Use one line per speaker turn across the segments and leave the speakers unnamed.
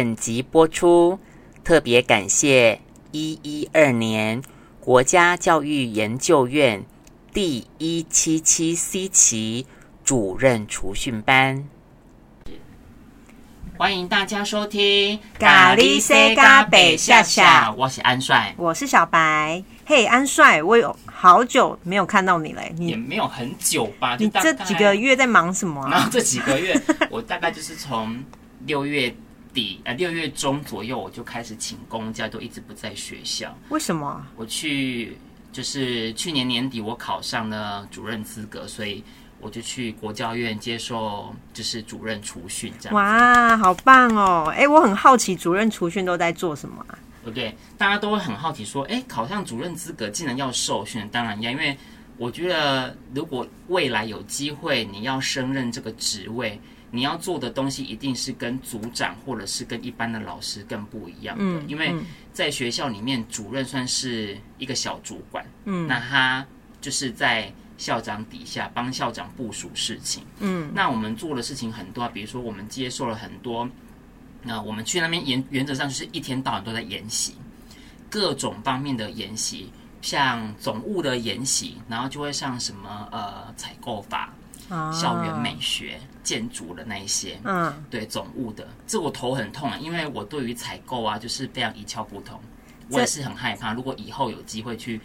本集播出，特別感謝一一二年國家教育研究院第一七七 C 期主任儲訓班。
歡迎大家收聽咖喱西咖北夏夏，
我是安帥，
我是小白。嘿，安帥，我有好久沒有看到你嘞，也沒有很久吧？你這幾個月在忙什麼啊？然後
這幾個月， 我大概就是從六月。呃、哎，六月中左右我就開始請公假，都一直不在學校。
為什麼？
我去就是去年年底我考上了主任資格，所以我就去國教院接受就是主任儲訓這樣。哇，
好棒哦！哎，我很好奇主任儲訓都在做什麼啊
？OK，大家都會很好奇說，哎，考上主任資格竟然要受訓，當然要，因為我覺得如果未來有機會你要升任這個職位。你要做的東西一定是跟組長或者是跟一般的老師更不一樣的，因為在學校裡面，主任算是一個小主管，嗯，那他就是在校長底下幫校長部署事情，嗯，那我們做的事情很多、啊，比如說我們接受了很多、呃，那我們去那邊研，原則上就是一天到晚都在研習，各種方面的研習，像總務的研習，然後就會像什麼呃採購法。
校園美
學、哦、建築的那一些，嗯、對總務的，這我頭很痛啊，因為我對於採購啊，就是非常一竅不通。我也是很害怕，如果以後有機會去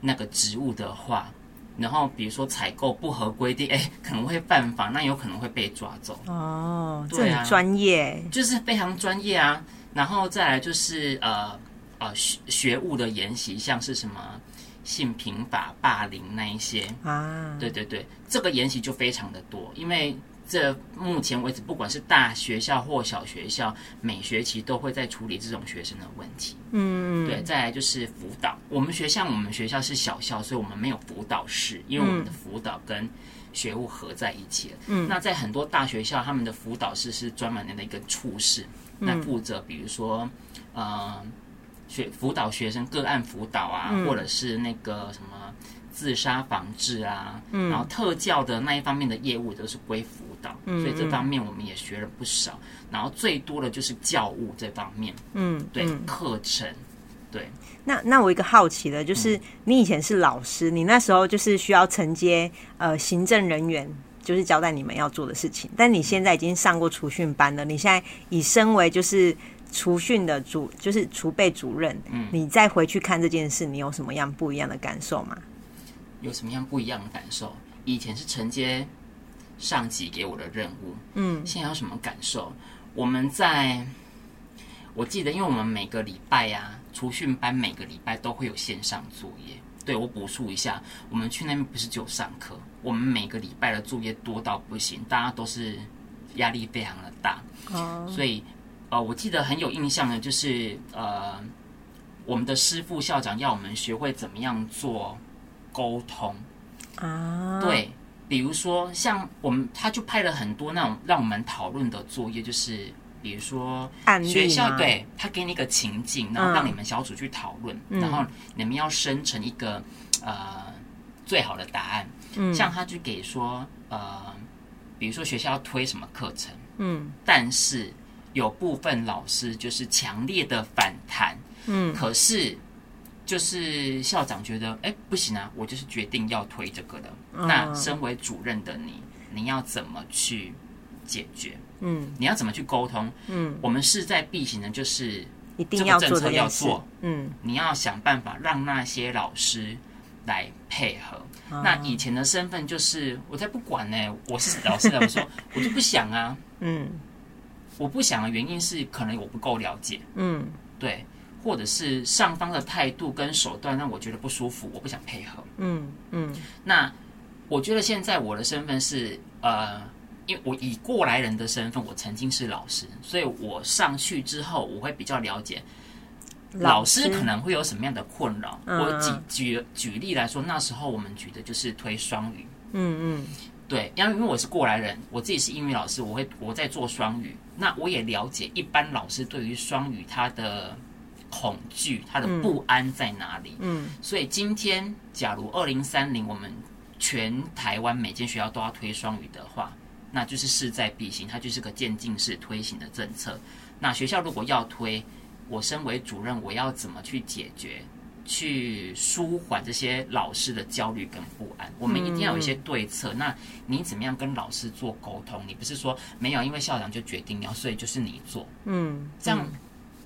那個職務的話，然後比如說採購不合規定，誒，可能會犯法，那有可能會被抓走。
哦，對啊，專業，就
是非常專業啊。然後再來就是呃呃學學務的研習，像是什麼。性平法、霸凌那一些啊，
對對
對，這個研習就非常的多，因為這目前為止，不管是大學校或小學校，每學期都會在處理這種學生的問題。
嗯，對，
再來就是輔導。我們學校，我們學校是小校，所以我們沒有輔導室，因為我們的輔導跟學務合在一起了。嗯，那在很多大學校，他們的輔導室是專門的一個處室來、嗯、負責，比如說，嗯、呃。學輔導學生個案輔導啊、嗯，或者是那個什麼自殺防治啊、嗯，然後特教的那一方面的業務都是歸輔導、嗯，所以這方面我們也學了不少、嗯。然後最多的就是教務這方面，嗯，
對、嗯、課
程，對。
那那我一個好奇的就是，你以前是老師、嗯，你那時候就是需要承接呃行政人員。就是交代你們要做的事情，但你現在已經上過儲訓班了，你現在已身為就是儲訓的主，就是儲備主任，嗯，你再回去看這件事，你有什麼樣不一樣的感受嗎？
有什麼樣不一樣的感受？以前是承接上級給我的任務，嗯，現在有什麼感受？我們在，我記得，因為我們每個禮拜呀、啊，儲訓班每個禮拜都會有線上作業。對，我補充一下，我們去那邊不是只有上課。我們每個禮拜的作業多到不行，大家都是壓力非常的大，oh. 所以呃，我記得很有印象的就是呃，我們的師傅、校長要我們學會怎麼樣做溝通啊
，oh. 對，
比如說像我們，他就派了很多那種讓我們討論的作業，就是比如說學校對他給你一個情境，然後讓你們小組去討論，oh. 然後你們要生成一個、um. 呃。最好的答案，嗯，像他去給說，呃，比如說學校要推什麼課程，嗯，但是有部分老師就是強烈的反彈，嗯，可是就是校長覺得，哎、欸，不行啊，我就是決定要推這個的、哦。那身為主任的你，你要怎麼去解決？嗯，你要怎麼去溝通？嗯，我們勢在必行呢，就是這個政策一定要做要做，嗯，你要想辦法讓那些老師。來配合。啊、那以前的身份就是，我才不管呢，欸。我是老師的說， 我就不想啊。嗯，我不想的原因是，可能我不夠了解。嗯，對，或者是上方的態度跟手段讓我覺得不舒服，我不想配合。嗯嗯。那我覺得現在我的身份是，呃，因為我以過來人的身份，我曾經是老師，所以我上去之後，我會比較了解。
老師可能
會有什麼樣的困擾？我舉舉舉例來說，那時候我們舉的就是推雙語。嗯嗯，對，因為因為我是過來人，我自己是英語老師，我會我在做雙語，那我也了解一般老師對於雙語他的恐懼、他的不安在哪裡。嗯，所以今天假如二零三零我們全台灣每間學校都要推雙語的話，那就是勢在必行，它就是個漸進式推行的政策。那學校如果要推，我身為主任，我要怎麼去解決、去舒緩這些老師的焦慮跟不安？我們一定要有一些對策。嗯、那你怎麼樣跟老師做溝通？你不是說沒有，因為校長就決定要，所以就是你做，
嗯，這樣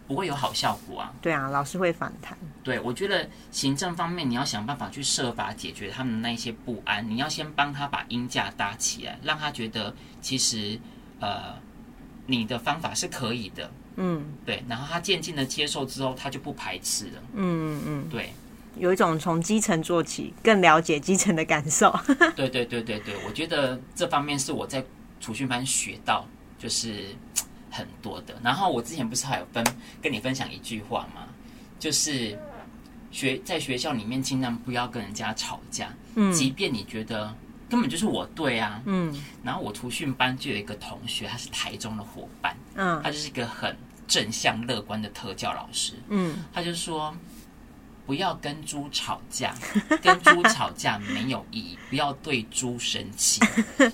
不會有好效果啊？嗯、
對啊，老師會反彈。
對，我覺得行政方面，你要想辦法去設法解決他們那一些不安。你要先幫他把鷹架搭起來，讓他覺得其實呃，你的方法是可以的。嗯，對，然後他漸漸的接受之後，
他就不排斥了。嗯嗯嗯，對，有一種從基層做起，更了解基層的感受。對對對對對，對，我覺得這方面是我在儲訓班學
到就是很多的。然後我之前不是還有分跟你分享一句話嗎？就是學在學校裡面儘量不要跟人家吵架，嗯，即便你覺得根本就是我對啊，嗯。然後我儲訓班就有一個同學，他是台中的夥伴。嗯，他就是一個很正向樂觀的特教老師。嗯，他就說，不要跟豬吵架，跟豬吵架沒有意義。 不要對豬生氣，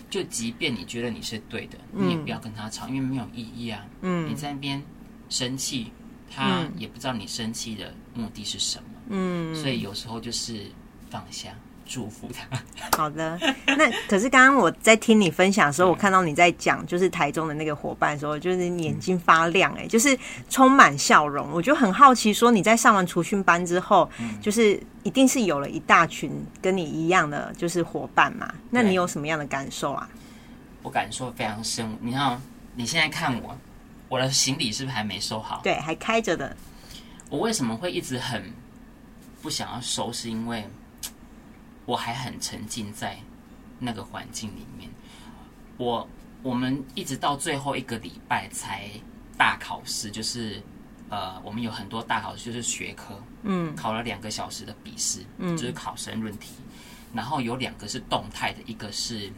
就即便你覺得你是對的，你也不要跟他吵，嗯、因為沒有意義啊。嗯，你在那邊生氣，他也不知道你生氣的目的是什麼。嗯，所以有時候就是放下。祝
福他。好的，那可是剛剛我在聽你分享的時候， 我看到你在講就是台中的那個夥伴的時候，就是你眼睛發亮哎、欸嗯，就是充滿笑容。我就很好奇，說你在上完儲訓班之後、嗯，就是一定是有了一大群跟你一樣的就是夥伴嘛？那你有什麼樣的感受啊？我感受非常深。你
看你現在看我，我的行李是不是還沒收好？對，
還開着的。
我為什麼會一直很不想要收？是因為。我還很沉浸在那個環境裡面我，我我們一直到最後一個禮拜才大考試，就是呃，我們有很多大考，就是學科，嗯，考了兩個小時的筆試，嗯，就是考申論題、嗯，然後有兩個是動態的，一個是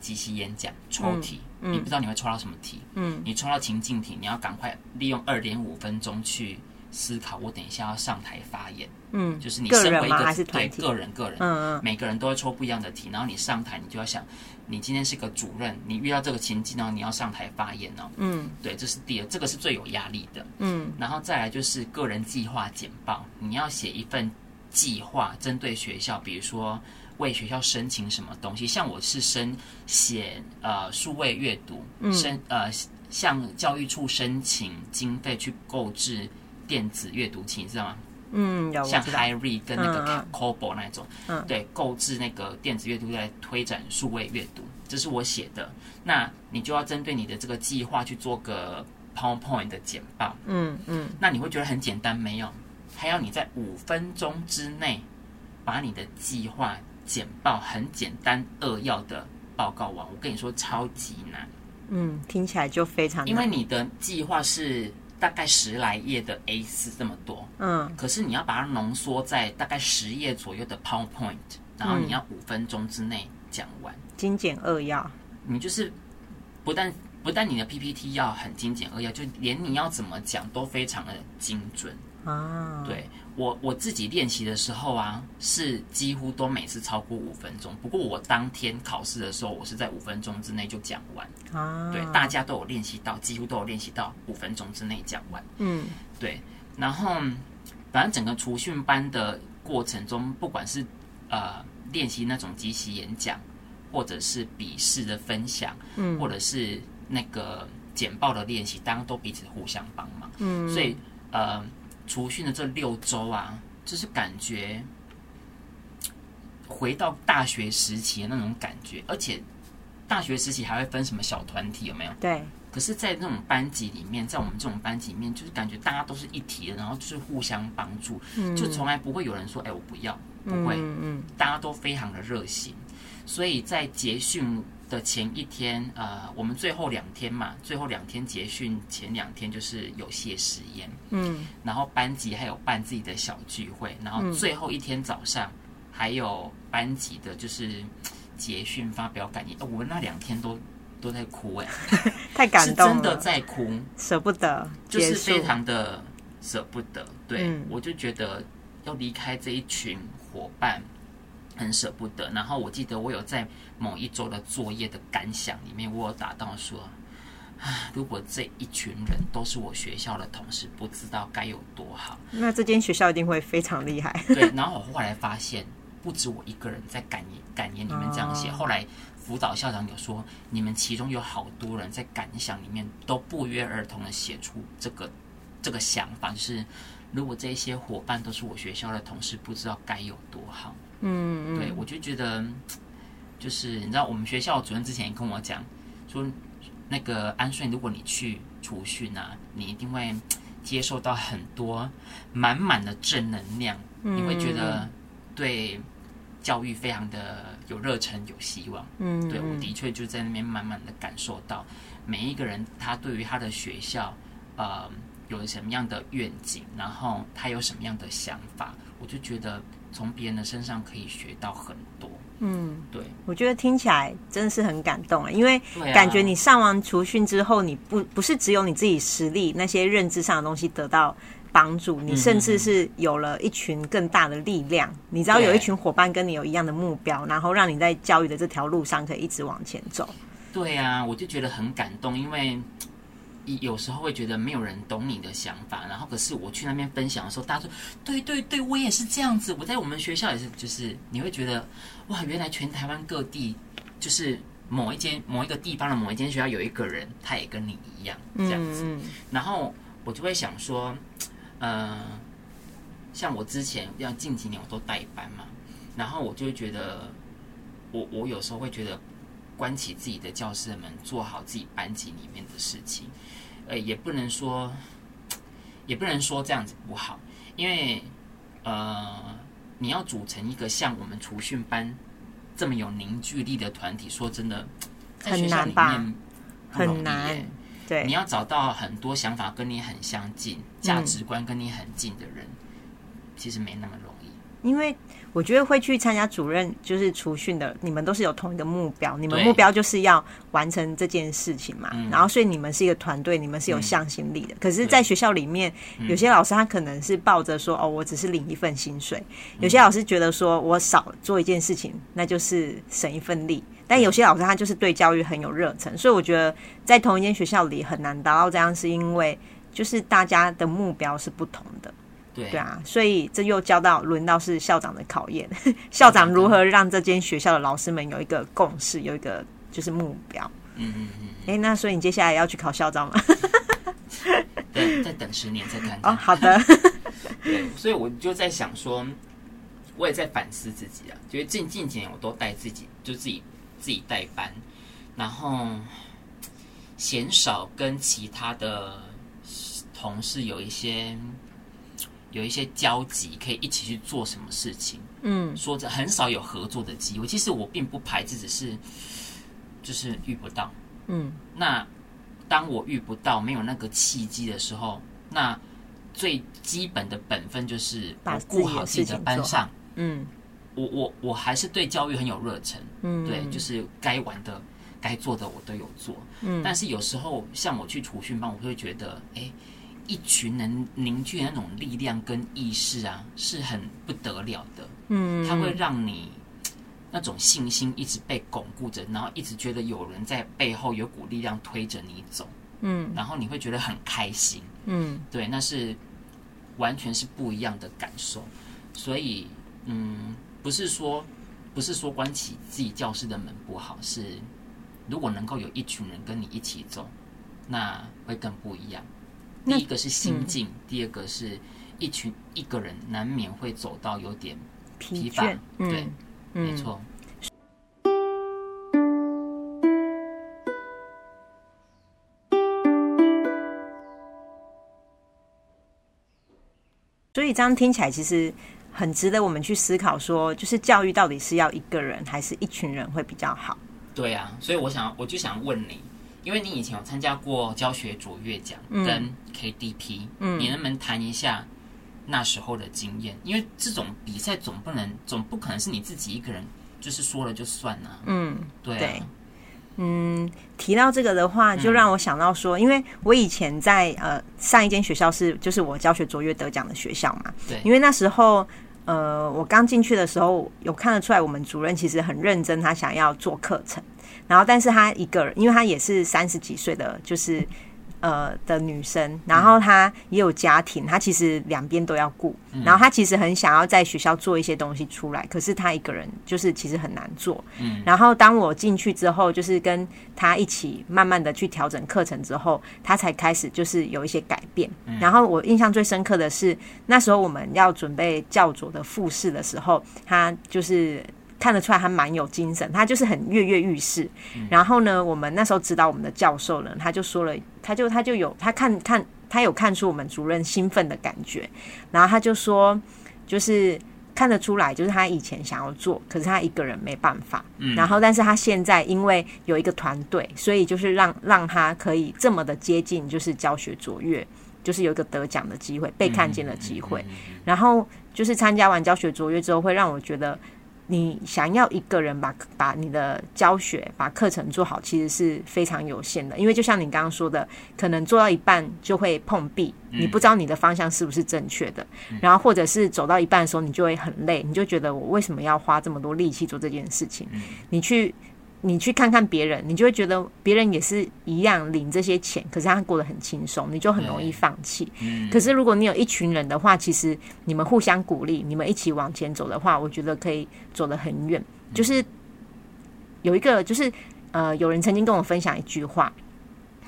即席演講抽題、嗯嗯，你不知道你會抽到什麼題，嗯，你抽到情境題，你要趕快利用二點五分鐘去思考，我等一下要上台發言。嗯，就是你身為一個，對，個人，個人，嗯，嗯，每個人都會抽不一樣的題，然後你上台，你就要想，你今天是個主任，你遇到這個情境呢，你要上台發言哦。嗯，對，這是第二，這個是最有壓力的。嗯，然後再來就是個人計劃簡報，你要寫一份計劃，針對學校，比如說為學校申請什麼東西，像我是申寫呃數位閱讀，申、嗯、呃向教育處申請經費去購置電子閱讀器，你知道嗎？
嗯，有像 HyRead
跟那個 Kobo 那種，嗯、啊，對，購置那個電子閱讀在推展數位閱讀，這是我寫的。那你就要針對你的這個計劃去做個 PowerPoint 的簡報。嗯
嗯，
那你會覺得很簡單、嗯、沒有？還要你在五分鐘之內把你的計劃簡報很簡單扼要的報告完？我跟你說超級難。嗯，
聽起來就非常難。因為你的
計劃是。大概十來頁的 A4 這麼多，嗯，可是你要把它濃縮在大概十頁左右的 PowerPoint，然後你要五分鐘之內講完。嗯，
精簡扼要。
你就是不但不但你的 PPT 要很精簡扼要，就連你要怎麼講都非常的精準。啊對！對我我自己練習的時候啊，是幾乎都每次超過五分鐘。不過我當天考試的時候，我是在五分鐘之內就講完。
啊！對，大
家都有練習到，幾乎都有練習到五分鐘之內講完。嗯，對。然後，反正整個儲訓班的過程中，不管是呃練習那種即席演講，或者是筆試的分享，嗯，或者是那個簡報的練習，大家都彼此互相幫忙。嗯，所以呃。除訓的這六周啊，就是感覺回到大學時期的那種感覺，而且大學時期還會分什麼小團體，有沒有？對。可是，在那種班級裡面，在我們這種班級裡面，就是感覺大家都是一體的，然後就是互相幫助，嗯、就從來不會有人說：“哎、欸，我不要。”不會，嗯嗯嗯，大家都非常的熱心，所以在結訓。的前一天，呃，我們最後兩天嘛，最後兩天結訓前兩天就是有些實驗，嗯，然後班級還有辦自己的小聚會，然後最後一天早上、嗯、還有班級的就是結訓發表感言、哦，我們那兩天都都在哭、欸，哎， 太感動了，真的在哭，
捨不得，就是非常
的捨不得，對、嗯、我就覺得要離開這一群夥伴。很捨不得。然後我記得我有在某一周的作業的感想裡面，我有打到說：“啊，如果這一群人都是我學校的同事，不知道該有多好。”
那這間學校一定會非常厲害。 對。
然後我後來發現，不止我一個人在感言感言裡面這樣寫。後來輔導校長有說，你們其中有好多人在感想裡面都不約而同的寫出這個這個想法，就是如果這些夥伴都是我學校的同事，不知道該有多好。嗯,嗯，對，我就覺得，就是你知道，我們學校主任之前跟我講，說那個安順，如果你去儲訓呢、啊，你一定會接受到很多滿滿的正能量，你會覺得對教育非常的有熱忱、有希望。嗯,嗯，嗯、對，我的確就在那邊滿滿的感受到每一個人他對於他的學校，呃，有什麼樣的願景，然後他有什麼樣的想法，我就覺得。從別人的身上可以學到很多。嗯，對，
我覺得聽起來真的是很感動、欸、啊，因為感覺你上完除訓之後，你不不是只有你自己實力，那些認知上的東西得到幫助、嗯，你甚至是有了一群更大的力量。嗯、你知道，有一群夥伴跟你有一樣的目標，然後讓你在教育的這條路上可以一直往前走。
對啊，我就覺得很感動，因為。有時候會覺得沒有人懂你的想法，然後可是我去那邊分享的時候，大家說：“對對對，我也是這樣子。”我在我們學校也是，就是你會覺得哇，原來全台灣各地就是某一間某一個地方的某一間學校有一個人，他也跟你一樣這樣子。然後我就會想說，呃，像我之前要近幾年我都帶班嘛，然後我就會覺得，我我有時候會覺得關起自己的教室的門，做好自己班級裡面的事情。呃、欸，也不能說，也不能說這樣子不好，因為，呃，你要組成一個像我們儲訓班這麼有凝聚力的團體，說真的，在學校裡面很容易耶，很難吧，很難，對，你要找到很多想法跟你很相近、價值觀跟你很近的人，嗯、其實沒那麼容易。
因為我覺得會去參加主任就是儲訓的，你們都是有同一個目標，你們目標就是要完成這件事情嘛。嗯、然後，所以你們是一個團隊，你們是有向心力的。嗯、可是，在學校裡面，有些老師他可能是抱着說、嗯：“哦，我只是領一份薪水。嗯”有些老師覺得說：“我少做一件事情，那就是省一份力。嗯”但有些老師他就是對教育很有熱忱，所以我覺得在同一間學校裡很難達到這樣，是因為就是大家的目標是不同的。對啊，所以這又交到輪到是校長的考驗，校長如何讓這間學校的老師們有一個共識，有一個就是目標。嗯嗯嗯。哎、嗯，那所以你接下來要去考校長嗎？
對，再等十年再看看。哦，好的。 對，所以我就在想說，我也在反思自己啊，就是近近幾年我都帶自己，就自己自己帶班，然後，鮮少跟其他的同事有一些。有一些交集，可以一起去做什麼事情。嗯，說着很少有合作的機會。其實我並不排斥，只是就是遇不到。嗯，那當我遇不到沒有那個契機的時候，那最基本的本分就是我顧好自己的班上。嗯，我我我還是對教育很有熱忱。嗯，對，就是該玩的、該做的我都有做。嗯，但是有時候像我去儲訓班，我會覺得，欸。一群人凝聚的那種力量跟意識啊，是很不得了的。
嗯，它會讓
你那種信心一直被鞏固着，然後一直覺得有人在背後有股力量推着你走。嗯，然後你會覺得很開心。嗯，對，那是完全是不一樣的感受。所以，嗯，不是說不是說關起自己教室的門不好，是如果能夠有一群人跟你一起走，那會更不一樣。第一個是心境、嗯，第二個是一群一個人難免會走到有點疲，疲倦、嗯，對，嗯、沒錯。
所以這樣聽起來，其實很值得我們去思考，說就是教育到底是要一個人，還是一群人會比較好？
對啊，所以我想，我就想問你。因為你以前有參加過教學卓越獎跟 KDP，、嗯嗯、你能不能談一下那時候的經驗？嗯、因為這種比賽總不能總不可能是你自己一個人就是說
了就算了、啊。嗯，對，、啊、對嗯，提到這個的話，就讓我想到說，嗯、因為我以前在呃上一間學校是就是我教學卓越得獎的學校嘛。對。因為那時候呃我剛進去的時候有看得出來，我們主任其實很認真，他想要做課程。然後，但是她一個人，因為她也是三十幾歲的，就是，呃，的女生。然後她也有家庭，她其實兩邊都要顧。然後她其實很想要在學校做一些東西出來，可是她一個人，就是其實很難做。嗯。然後當我進去之後，就是跟她一起慢慢的去調整課程之後，她才開始就是有一些改變。然後我印象最深刻的是，那時候我們要準備教甄的複試的時候，她就是。看得出來，他蠻有精神，他就是很躍躍欲試。然後呢，我們那時候指導我們的教授呢，他就說了，他就他就有他看看，他有看出我們主任興奮的感覺。然後他就說，就是看得出來，就是他以前想要做，可是他一個人沒辦法。嗯、然後，但是他現在因為有一個團隊，所以就是讓讓他可以這麼的接近，就是教學卓越，就是有一個得獎的機會，被看見的機會。嗯嗯嗯嗯、然後就是參加完教學卓越之後，會讓我覺得。你想要一個人把把你的教學、把課程做好，其實是非常有限的。因為就像你剛剛說的，可能做到一半就會碰壁，你不知道你的方向是不是正確的。然後或者是走到一半的時候，你就會很累，你就覺得我為什麼要花這麼多力氣做這件事情？你去。你去看看別人，你就會覺得別人也是一樣領這些錢，可是他過得很輕鬆，你就很容易放棄。嗯，嗯。可是如果你有一群人的話，其實你們互相鼓勵，你們一起往前走的話，我覺得可以走得很遠。就是有一個，就是呃，有人曾經跟我分享一句話。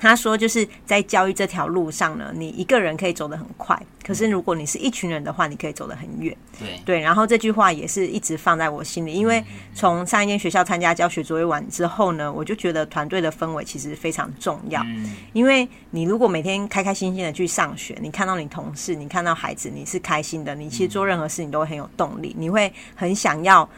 他說：“就是在教育這條路上呢，你一個人可以走得很快，可是如果你是一群人的話，你可以走得很遠。”對對，然後這句話也是一直放在我心裡，因為從上一間學校參加教學卓越完之後呢，我就覺得團隊的氛圍其實非常重要。嗯，因為你如果每天開開心心的去上學，你看到你同事，你看到孩子，你是開心的，你其實做任何事情都很有動力，嗯，你會很想要。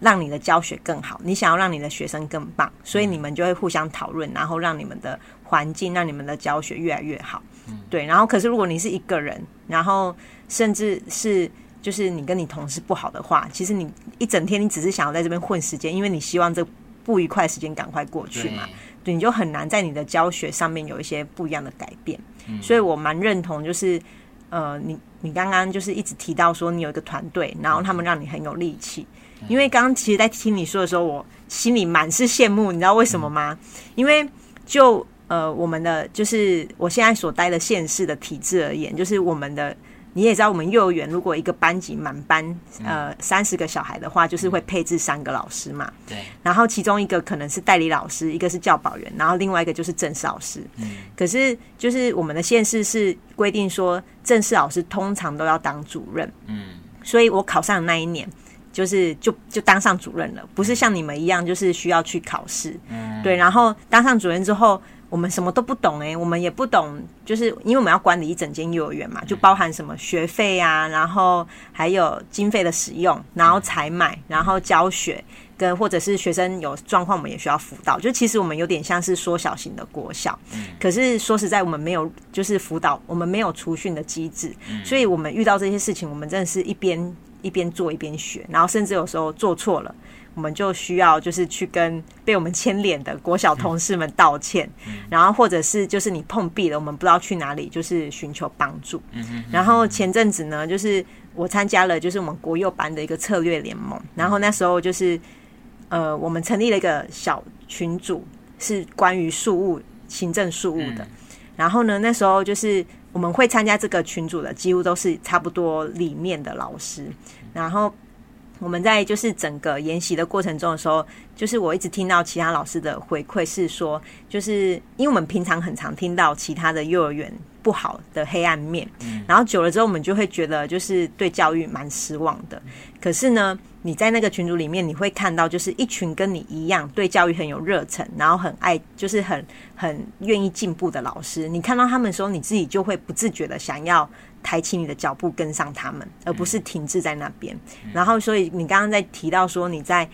讓你的教學更好，你想要讓你的學生更棒，所以你們就會互相討論，然後讓你們的環境、讓你們的教學越來越好。嗯、對。然後，可是如果你是一個人，然後甚至是就是你跟你同事不好的話，其實你一整天你只是想要在這邊混時間，因為你希望這不愉快時間趕快過去嘛。對、對，你就很難在你的教學上面有一些不一樣的改變。嗯、所以我蠻認同，就是呃，你你剛剛就是一直提到說你有一個團隊，然後他們讓你很有力氣。因為剛剛其實，在聽你說的時候，我心裡滿是羨慕。你知道為什麼嗎？嗯、因為就呃，我們的就是我現在所待的縣市的體制而言，就是我們的你也知道，我們幼兒園如果一個班級滿班、嗯、呃三十個小孩的話，就是會配置三個老師嘛。對、嗯。然後其中一個可能是代理老師，一個是教保員，然後另外一個就是正式老師。嗯、可是，就是我們的縣市是規定說，正式老師通常都要當主任。嗯。所以我考上那一年，就是就就當上主任了，不是像你們一樣，就是需要去考試。嗯，對。然後當上主任之後，我們什麼都不懂哎、欸，我們也不懂，就是因為我們要管理一整間幼兒園嘛，就包含什麼學費啊，然後還有經費的使用，然後採買，然後教學，跟或者是學生有狀況，我們也需要輔導。就其實我們有點像是縮小型的國小，可是說實在，我們沒有就是輔導，我們沒有儲訓的機制，所以我們遇到這些事情，我們真的是一邊。一邊做一邊學，然後甚至有時候做錯了，我們就需要就是去跟被我們牽連的國小同事們道歉、嗯，然後或者是就是你碰壁了，我們不知道去哪裡就是尋求幫助、嗯嗯。然後前陣子呢，就是我參加了就是我們國幼班的一個策略聯盟，然後那時候就是呃，我們成立了一個小群組，是關於庶務行政庶務的、嗯。然後呢，那時候就是。我們會參加這個群組的，幾乎都是差不多裡面的老師。然後我們在就是整個研習的過程中的時候，就是我一直聽到其他老師的回饋是說，就是因為我們平常很常聽到其他的幼兒園不好的黑暗面，然後久了之後，我們就會覺得就是對教育蠻失望的。可是呢，你在那個群組裡面，你會看到就是一群跟你一樣對教育很有熱忱，然後很愛，就是很很願意進步的老師。你看到他們的時候，你自己就會不自覺的想要抬起你的腳步跟上他們，而不是停滯在那邊，嗯嗯。然後，所以你剛剛在提到說你在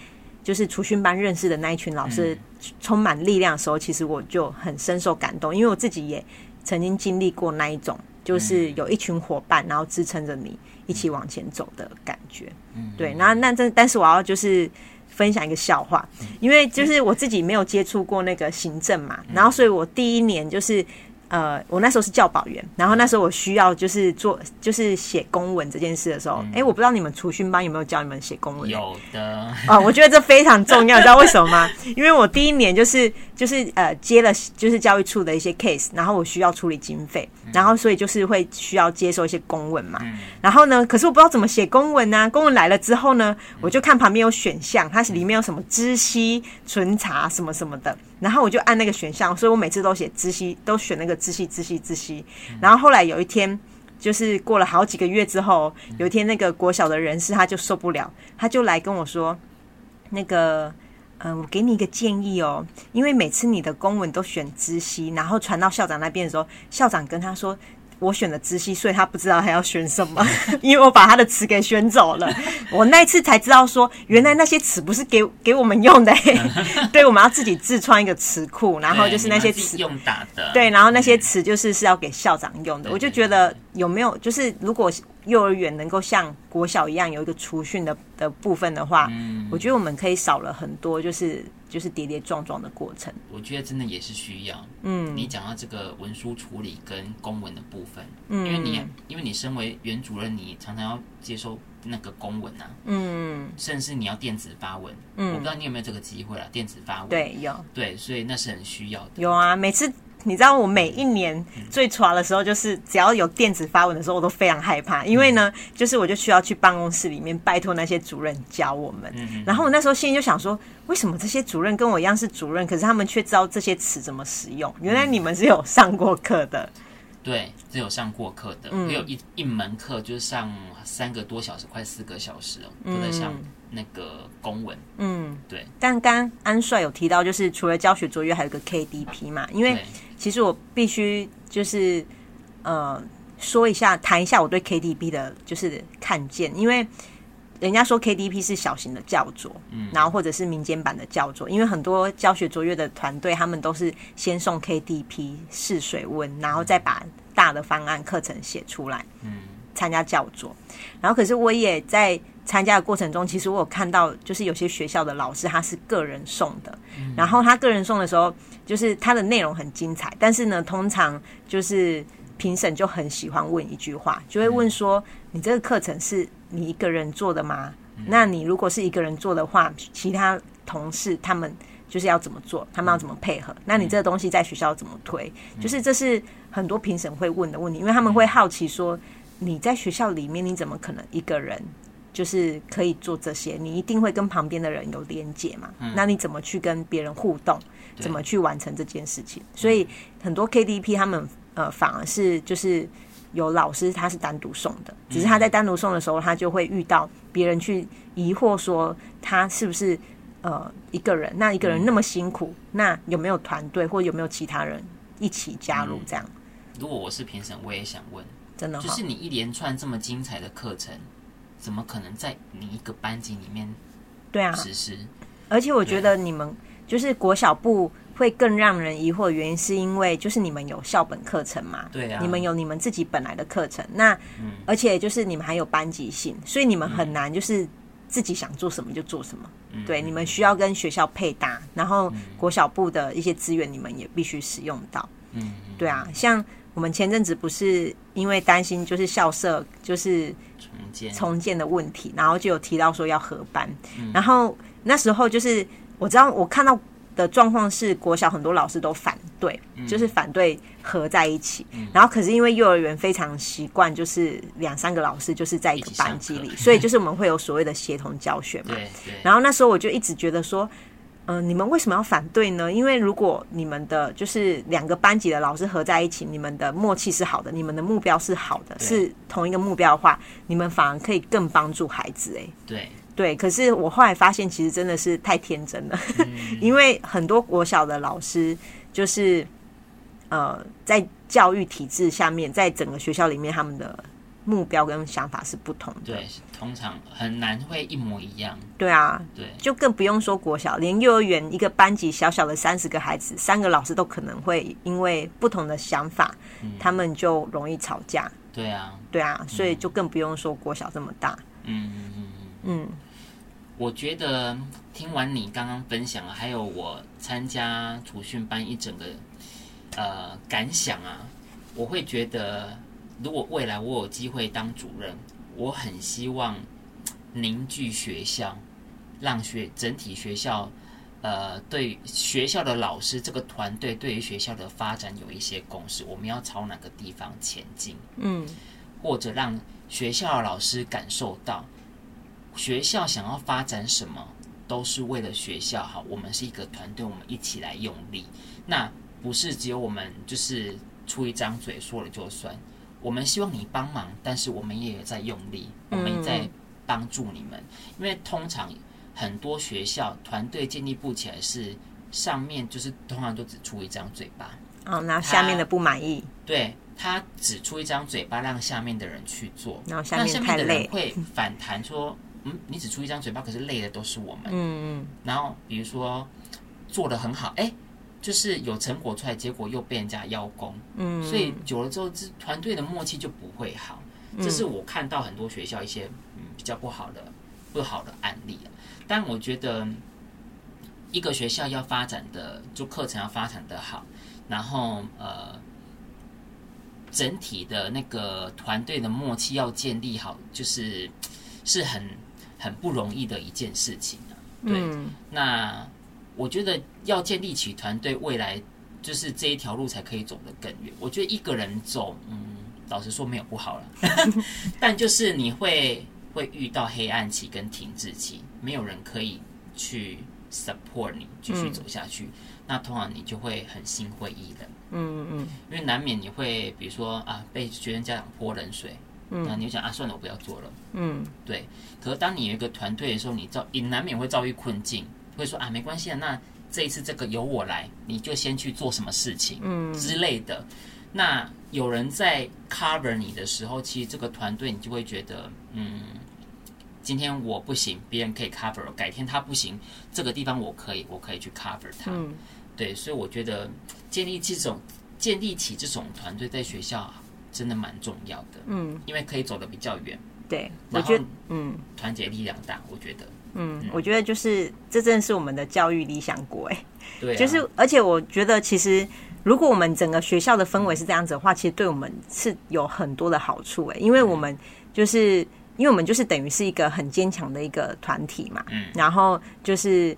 就是儲訓班認識的那一群老師充滿力量的時候，其實我就很深受感動，因為我自己也曾經經歷過那一種。就是有一群夥伴，然後支撐着你一起往前走的感覺，嗯，對。那那這，但是我要就是分享一個笑話，嗯，因為就是我自己沒有接觸過那個行政嘛，嗯，然後所以我第一年就是。呃，我那時候是教保員，然後那時候我需要就是做就是寫公文這件事的時候，哎、嗯、欸，我不知道你們儲訓班有沒有教你們寫公文？有的哦，我覺得這非常重要，你 知道為什麼嗎？因為我第一年就是就是呃接了就是教育處的一些 case，然後我需要處理經費、嗯，然後所以就是會需要接收一些公文嘛、嗯。然後呢，可是我不知道怎麼寫公文啊。公文來了之後呢，嗯、我就看旁邊有選項，它是裡面有什麼知悉、存查什麼什麼的，然後我就按那個選項，所以我每次都寫知悉，都選那個。知悉，知悉，知悉。然後後來有一天，就是過了好幾個月之後，有一天那個國小的人事他就受不了，他就來跟我說：“那個，嗯、呃，我給你一個建議哦，因為每次你的公文都選知悉，然後傳到校長那邊的時候，校長跟他說。”我選了直系，所以他不知道他要選什麼，因為我把他的詞給選走了。 我那一次才知道說，原來那些詞不是給給我們用的，欸， 對，我們要自己自創一個詞庫，然後就是那些詞用
打的，對，
然後那些詞就是是要給校長用的，對對對對。我就覺得有沒有，就是如果。幼兒園能夠像國小一樣有一個儲訓的的部分的話、嗯，我覺得我們可以少了很多，就是就是跌跌撞撞的過程。我覺得真的也是需要。嗯，你講到這
個文書處理跟公文的部分，嗯，因為你因為你身為原主任，你常常要接收那個公文啊，
嗯，
甚至你要電子發文，嗯，我不知道你有沒有這個機會了、啊，電子發文，對，有，對，所以那是很需要
的。有啊，每次。你知道我每一年最初的時候，就是只要有電子發文的時候，我都非常害怕。因為呢，就是我就需要去辦公室裡面拜托那些主任教我們。然後我那時候心裡就想說，為什麼這些主任跟我一樣是主任，可是他們卻知道這些詞怎麼使用？原來你們是有上過課的、嗯。
對，是有上過課的，有一一門課就是上三個多小時，快四個小時不、哦、能在上。那個公文，
嗯，對。但剛剛安帥有提到，就是除了教學卓越，還有個 KDP 嘛。因為其實我必須就是呃說一下，談一下我對 KDP 的，就是看見，因為人家說 KDP 是小型的教卓，嗯，然後或者是民間版的教卓，因為很多教學卓越的團隊，他們都是先送 KDP 試水溫，然後再把大的方案課程寫出來，嗯，參加教卓，然後可是我也在。參加的過程中，其實我有看到，就是有些學校的老師他是個人送的，嗯、然後他個人送的時候，就是他的內容很精彩，但是呢，通常就是評審就很喜歡問一句話，就會問說：“嗯、你這個課程是你一個人做的嗎？嗯、”那你如果是一個人做的話，其他同事他們就是要怎麼做，他們要怎麼配合？那你這個東西在學校怎麼推？嗯、就是這是很多評審會問的問題，因為他們會好奇說：“你在學校裡面你怎麼可能一個人？”就是可以做這些，你一定會跟旁邊的人有連結嘛、嗯？那你怎麼去跟別人互動？怎麼去完成這件事情？嗯、所以很多 KDP 他們呃，反而是就是有老師他是單獨送的、嗯，只是他在單獨送的時候，他就會遇到別人去疑惑說他是不是呃一個人？那一個人那麼辛苦，嗯、那有沒有團隊或有沒有其他人一起加入？這樣？
如果我是評審，我也想問，真的、哦、就是你一連串這麼精彩的課程。怎麼可能在你一個班級裡面
實施？對啊實施？而且我覺得你們就是國小部會更讓人疑惑，原因是因為就是你們有校本課程嘛，對啊，你們有你們自己本來的課程，那而且就是你們還有班級性，嗯、所以你們很難就是自己想做什麼就做什麼。嗯、對、嗯，你們需要跟學校配搭，然後國小部的一些資源你們也必須使用到。嗯，嗯對啊，像我們前陣子不是因為擔心就是校舍就是。重建的問題，然後就有提到說要合班、嗯，然後那時候就是我知道我看到的狀況是，國小很多老師都反對，嗯、就是反對合在一起、嗯，然後可是因為幼兒園非常習慣，就是兩三個老師就是在一個班級裡，所以就是我們會有所謂的協同教學嘛，對，然後那時候我就一直覺得說。嗯、呃，你們為什麼要反對呢？因為如果你們的，就是兩個班級的老師合在一起，你們的默契是好的，你們的目標是好的，是同一個目標的話，你們反而可以更幫助孩子，欸。哎，對對。可是我後來發現，其實真的是太天真了，嗯、 因為很多國小的老師，就是呃，在教育體制下面，在整個學校裡面，他們的。目標跟想法是不同的，對，
通常很難會一模一樣。
對啊，對，就更不用說國小，連幼兒園一個班級小小的三十個孩子，三個老師都可能會因為不同的想法，嗯、他們就容易吵架。對啊，對啊，嗯，所以就更不用說國小這麼大。嗯嗯，嗯，嗯，
我覺得聽完你剛剛分享，還有我參加儲訓班一整個呃感想啊，我會覺得，如果未來我有機會當主任，我很希望凝聚學校，讓學整體學校，呃，對學校的老師這個團隊，對於學校的發展有一些共識。我們要朝哪個地方前進？嗯，或者讓學校的老師感受到學校想要發展什麼，都是為了學校。好，我們是一個團隊，我們一起來用力。那不是只有我們，就是出一張嘴說了就算。我們希望你幫忙，但是我們也在用力，我們也在幫助你們。嗯、因為通常很多學校團隊建立不起來是，是上面就是通常都只出一張嘴巴。
哦，那下面的不滿意。他
對他只出一張嘴巴，讓下面的人去做，那、哦、下，下面的人會反彈說嗯：“嗯，你只出一張嘴巴，可是累的都是我
們。”嗯
嗯。然後比如說做得很好，誒。就是有成果出來，結果又被人家邀功，所以久了之後，這團隊的默契就不會好。這是我看到很多學校一些比較不好的不好的案例。但我覺得一個學校要發展的，就課程要發展的好，然後呃整體的那個團隊的默契要建立好，就是是很很不容易的一件事情啊。對，那。我覺得要建立起團隊，未來就是這一條路才可以走得更遠。我覺得一個人走，嗯，老實說沒有不好了， 但就是你會會遇到黑暗期跟停滯期，沒有人可以去 support 你繼續走下去，嗯，那通常你就會很心灰意冷。嗯嗯，因為難免你會比如說啊，被學生家長潑冷水，嗯，那你就想啊，算了，我不要做了。嗯，對。可是當你有一個團隊的時候，你遭也難免會遭遇困境。會說啊，沒關係啊，那這一次這個由我來，你就先去做什麼事情，嗯之類的、嗯。那有人在 cover 你的時候，其實這個團隊你就會覺得，嗯，今天我不行，別人可以 cover，改天他不行，這個地方我可以，我可以去 cover 他。嗯，對，所以我覺得建立這種建立起這種團隊在學校真的蠻重要的，嗯，因為可以走得比較遠。
對，然後嗯，團結力量大，我覺得。嗯，我覺得就是這正是我們的教育理想國欸，對啊，就是而且我覺得其實如果我們整個學校的氛圍是這樣子的話，其實對我們是有很多的好處欸，因為我們就是因為我們就是等於是一個很堅強的一個團體嘛，嗯，然後就是。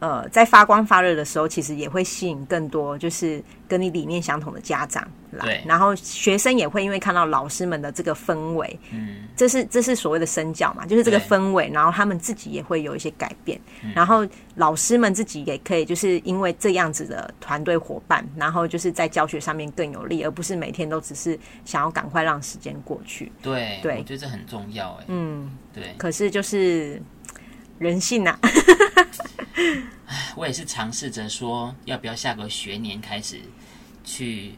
呃，在發光發熱的時候，其實也會吸引更多，就是跟你理念相同的家長來。對。然後學生也會因為看到老師們的這個氛圍，嗯，這是這是所謂的身教嘛，就是這個氛圍，然後他們自己也會有一些改變、嗯。然後老師們自己也可以就是因為這樣子的團隊夥伴，然後就是在教學上面更有力，而不是每天都只是想要趕快讓時間過去。對對，我
覺得這很重要哎、
欸。嗯，對。可是就是人性啊。
我也是嘗試着說，要不要下個學年開始去，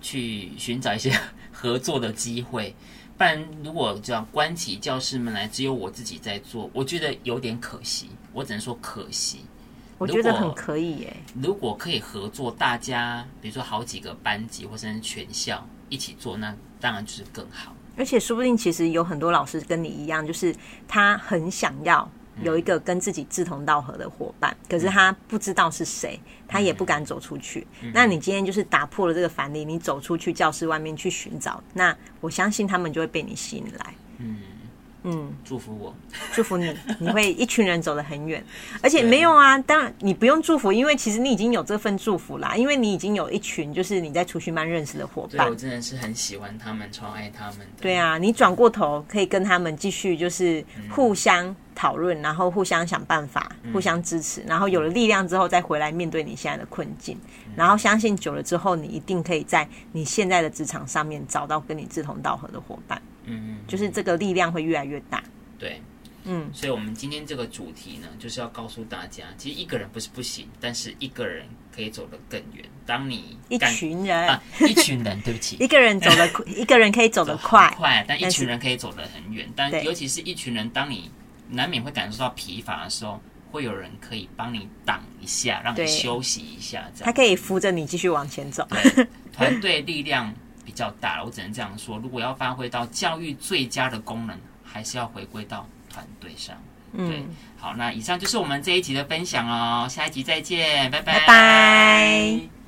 去去尋找一些合作的機會。不然，如果這樣關起教室門來，只有我自己在做，我覺得有點可惜。我只能說可惜。我覺得很
可以耶、欸。
如果可以合作，大家比如說好幾個班級，或者是全校一起做，那當
然就是更好。而且說不定其實有很多老師跟你一樣，就是他很想要。有一個跟自己志同道合的夥伴，可是他不知道是誰、嗯，他也不敢走出去、嗯。那你今天就是打破了這個藩籬，你走出去教室外面去尋找，那我相信他們就會被你吸引來。嗯。
嗯，祝福我，
祝福你，你會一群人走得很遠，而且沒有啊，當然你不用祝福，因為其實你已經有這份祝福啦，啊，因為你已經有一群就是你在儲訓班認識的夥伴。對，我真
的是很喜歡他們，超愛他們。
對，對啊，你轉過頭可以跟他們繼續就是互相討論，嗯，然後互相想辦法，互相支持，嗯，然後有了力量之後再回來面對你現在的困境，嗯，然後相信久了之後，你一定可以在你現在的職場上面找到跟你志同道合的夥伴。嗯，就是這個力量會越來越大。對，嗯，
所以我們今天這個主題呢，就是要告訴大家，其實一個人不是不行，但是一個人可以走得更遠。當你一
群人，啊呵呵，一群人，對不起，一個人走得，呵呵，一個人可以走得快、走
快，但一群人可以走得很遠。但尤其是一群人，當你難免會感受到疲乏的時候，會有人可以幫你擋一下，讓你休息一下，這樣他可以
扶着你繼續往前走。團
隊 力量。比較大了，我只能這樣說。如果要發揮到教育最佳的功能，還是要回歸到團隊上。嗯對，好，那以上就是我們這一集的分享哦，下一集再見，拜拜。拜拜。